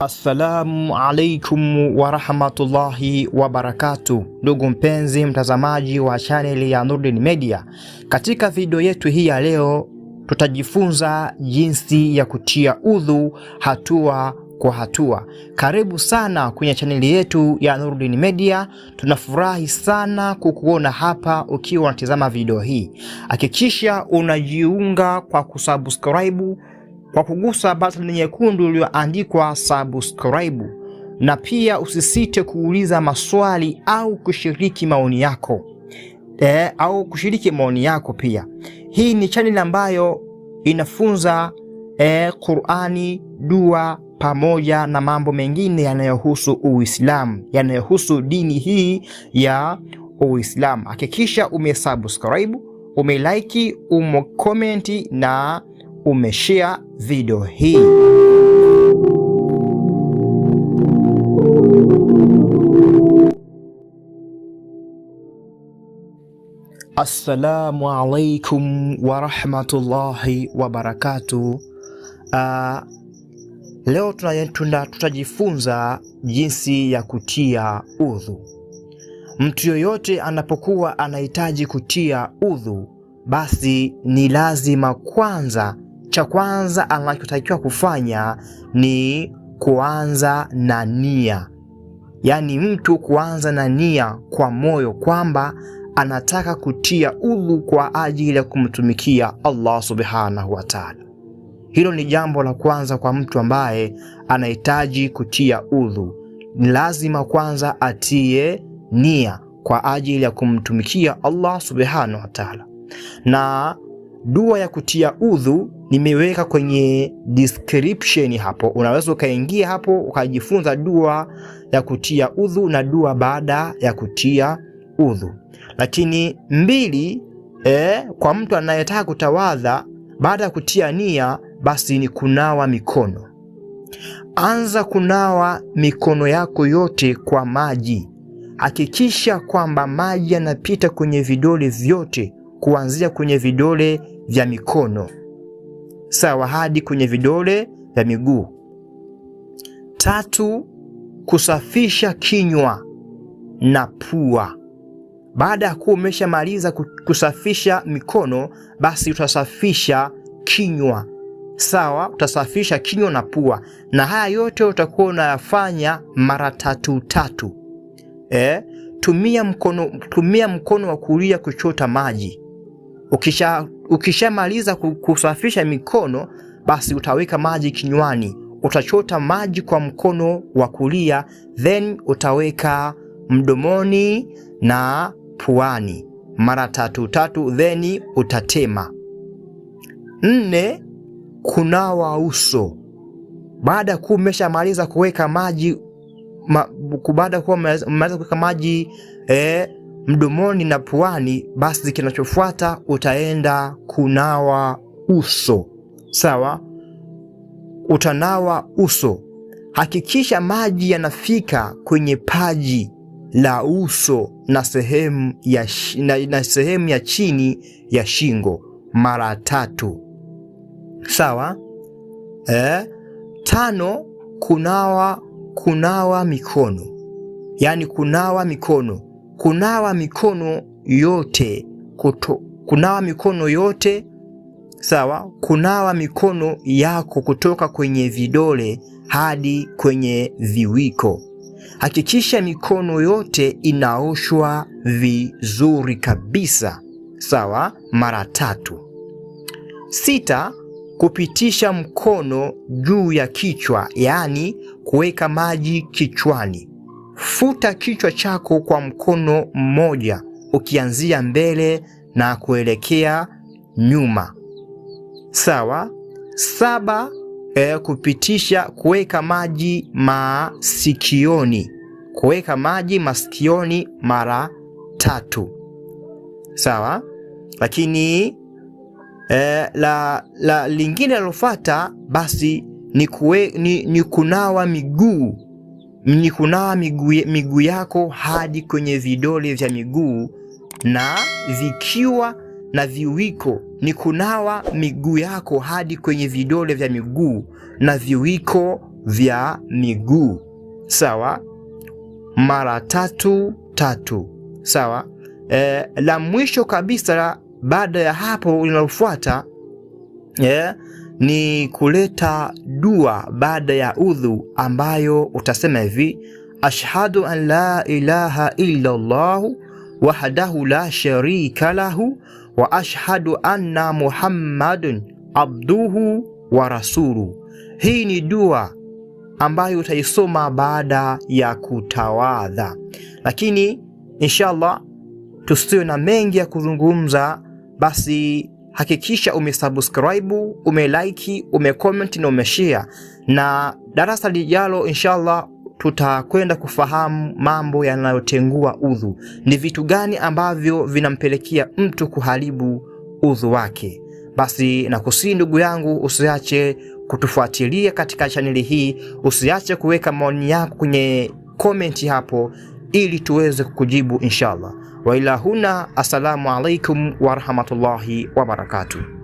Assalamu alaikum warahmatullahi wabarakatu, ndugu mpenzi mtazamaji wa chaneli ya Nurdin Media. Katika video yetu hii ya leo, tutajifunza jinsi ya kutia udhu hatua kwa hatua. Karibu sana kwenye chaneli yetu ya Nurdin Media. Tunafurahi sana kukuona hapa ukiwa unatizama video hii. Hakikisha unajiunga kwa kusubscribe kwa kugusa batani nyekundu iliyoandikwa subscribe, na pia usisite kuuliza maswali au kushiriki maoni yako e, au kushiriki maoni yako pia. Hii ni chaneli ambayo inafunza e, Qur'ani, dua pamoja na mambo mengine yanayohusu Uislamu, yanayohusu dini hii ya Uislamu. Hakikisha umesubscribe, umelike, umecomment na umeshare video hii. Assalamu alaikum warahmatullahi wabarakatuh. Uh, ah, leo tutajifunza jinsi ya kutia udhu. Mtu yoyote anapokuwa anahitaji kutia udhu, basi ni lazima kwanza cha kwanza anachotakiwa kufanya ni kuanza na nia, yaani mtu kuanza na nia kwa moyo kwamba anataka kutia udhu kwa ajili ya kumtumikia Allah subhanahu wa taala. Hilo ni jambo la kwanza kwa mtu ambaye anahitaji kutia udhu, ni lazima kwanza atie nia kwa ajili ya kumtumikia Allah subhanahu wa taala na dua ya kutia udhu nimeweka kwenye description hapo, unaweza ukaingia hapo ukajifunza dua ya kutia udhu na dua baada ya kutia udhu. Lakini mbili, eh, kwa mtu anayetaka kutawadha baada ya kutia nia, basi ni kunawa mikono. Anza kunawa mikono yako yote kwa maji. Hakikisha kwamba maji yanapita kwenye vidole vyote kuanzia kwenye vidole vya mikono sawa hadi kwenye vidole vya miguu. Tatu, kusafisha kinywa na pua. Baada ya kuwa umeshamaliza kusafisha mikono, basi utasafisha kinywa sawa, utasafisha kinywa na pua, na haya yote utakuwa unayafanya mara tatu tatu. E, tumia mkono, tumia mkono wa kulia kuchota maji Ukisha ukishamaliza kusafisha mikono, basi utaweka maji kinywani, utachota maji kwa mkono wa kulia, then utaweka mdomoni na puani mara tatu tatu, then utatema. Nne, kunawa uso. Baada ya kuwa umeshamaliza kuweka maji ma, baada ya kuwa umemaliza kuweka maji eh, mdomoni na puani, basi kinachofuata utaenda kunawa uso. Sawa, utanawa uso. Hakikisha maji yanafika kwenye paji la uso na sehemu ya, na, na sehemu ya chini ya shingo mara tatu. Sawa eh? Tano, kunawa kunawa mikono, yaani kunawa mikono kunawa mikono yote kuto, kunawa mikono yote sawa, kunawa mikono yako kutoka kwenye vidole hadi kwenye viwiko. Hakikisha mikono yote inaoshwa vizuri kabisa sawa, mara tatu. Sita, kupitisha mkono juu ya kichwa, yaani kuweka maji kichwani futa kichwa chako kwa mkono mmoja ukianzia mbele na kuelekea nyuma, sawa. Saba, e, kupitisha kuweka maji masikioni, kuweka maji masikioni mara tatu, sawa. Lakini e, la, la lingine linalofuata basi ni, kue, ni, ni kunawa miguu ni kunawa miguu miguu yako hadi kwenye vidole vya miguu na vikiwa na viwiko, ni kunawa miguu yako hadi kwenye vidole vya miguu na viwiko vya miguu, sawa, mara tatu tatu, sawa. E, la mwisho kabisa baada ya hapo linalofuata, yeah, ni kuleta dua baada ya udhu ambayo utasema hivi: ashhadu an la ilaha illa Allah wahdahu la sharika lahu wa ashhadu anna Muhammadun abduhu wa rasulu. Hii ni dua ambayo utaisoma baada ya kutawadha, lakini inshallah tusiwe na mengi ya kuzungumza basi hakikisha umesubscribe, umelike, umecomment na umeshare, na darasa lijalo inshallah tutakwenda kufahamu mambo yanayotengua udhu. Ni vitu gani ambavyo vinampelekea mtu kuharibu udhu wake? Basi nakusii ndugu yangu, usiache kutufuatilia katika chaneli hii, usiache kuweka maoni yako kwenye komenti hapo, ili tuweze kukujibu inshallah. Wa ila huna, assalamu alaikum warahmatullahi wabarakatuh.